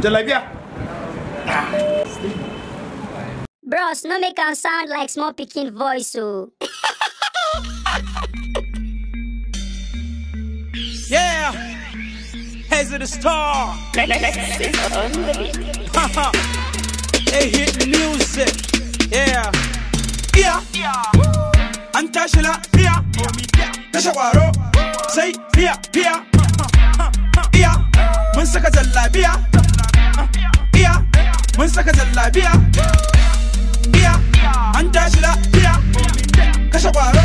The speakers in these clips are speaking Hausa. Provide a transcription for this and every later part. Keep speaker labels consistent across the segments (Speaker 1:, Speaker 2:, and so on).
Speaker 1: Jalabia. Bros, no make him sound like small picking voice, oh. so. yeah! Heads of the star! they hit music! ta kwaro sai biya biya iya mun saka jallabiya iya mun saka jallabiya iya an tashi lafiya kashe kwaro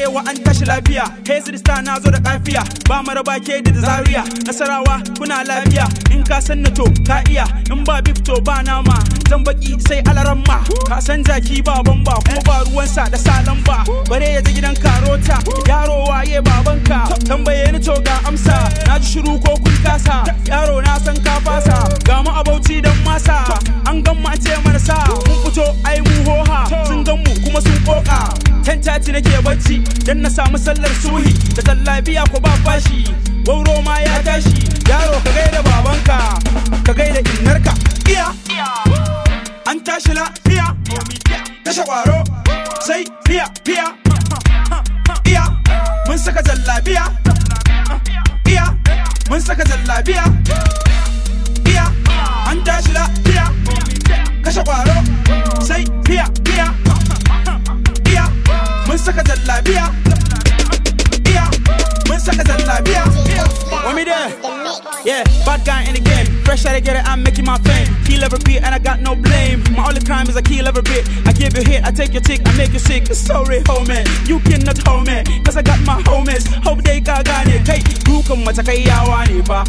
Speaker 1: karewa an tashi lafiya hezir star na zo da kafiya ba maraba ke da zaria nasarawa kuna lafiya in ka san to ka iya in ba bif to ba nama zan baki sai ma ka san zaki ba bamba ko ba ruwan sa da salan ba bare ya ji gidan karota yaro waye baban ka tambaye ni to ga amsa na ji shiru ko kun kasa yaro na san ka fasa ga mu abauci dan masa an gamma ce marasa caci nake bacci dan na samu sallar suhi da tallabiya ko ba fashi wauro ma ya tashi yaro ka gaida babanka ka gaida innarka iya an tashi la iya kashe kwaro sai iya iya iya mun saka jallabiya iya mun saka jallabiya iya an tashi la iya kashe kwaro like beer. Beer. When suckers beer. me there. Yeah, bad guy in the game. Fresh out of get it, I'm making my fame. Kill every beat and I got no blame. My only crime is I kill every beat. I give you hit, I take your tick, I make you sick. Sorry, homie, you cannot hold me. Cause I got my homies, hope they got gani Hey, who come what I want pa?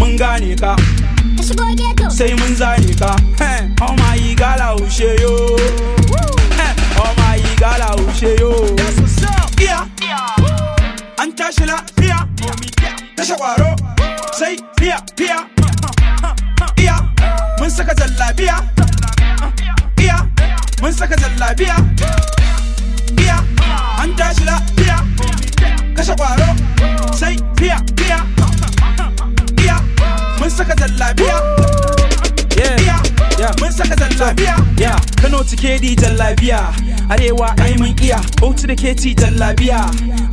Speaker 1: Mun gane ka. Sai mun zane ka. Hey, oh my gala ushe yo. kashe kwaro sai biya biya iya mun saka zallabiya iya mun saka zallabiya iya an tashi lafiya kashe kwaro saka zan lafiya ya kano cike di jan lafiya arewa ai mun iya bauchi da keti jan lafiya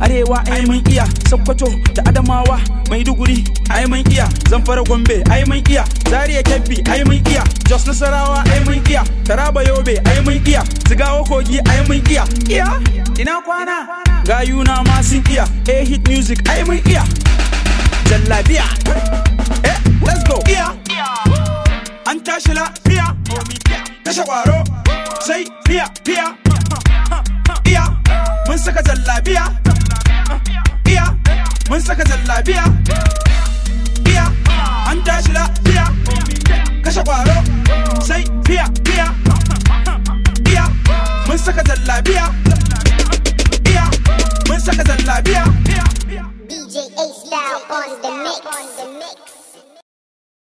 Speaker 1: arewa ai mun iya sokoto da adamawa maiduguri ai mun iya zamfara gombe ai mun iya zaria kebbi ai mun iya jos nasarawa ai mun iya taraba yobe ai mun iya zigawa kogi ai mun iya iya ina kwana gayuna ma sun iya a eh, hit music ai mun iya jallabiya eh let's go iya an tashi la Kashe kwaro, sai fiya-fiya. iya mun saka zallabiya. iya mun saka zallabiya. iya an tashi lafiya.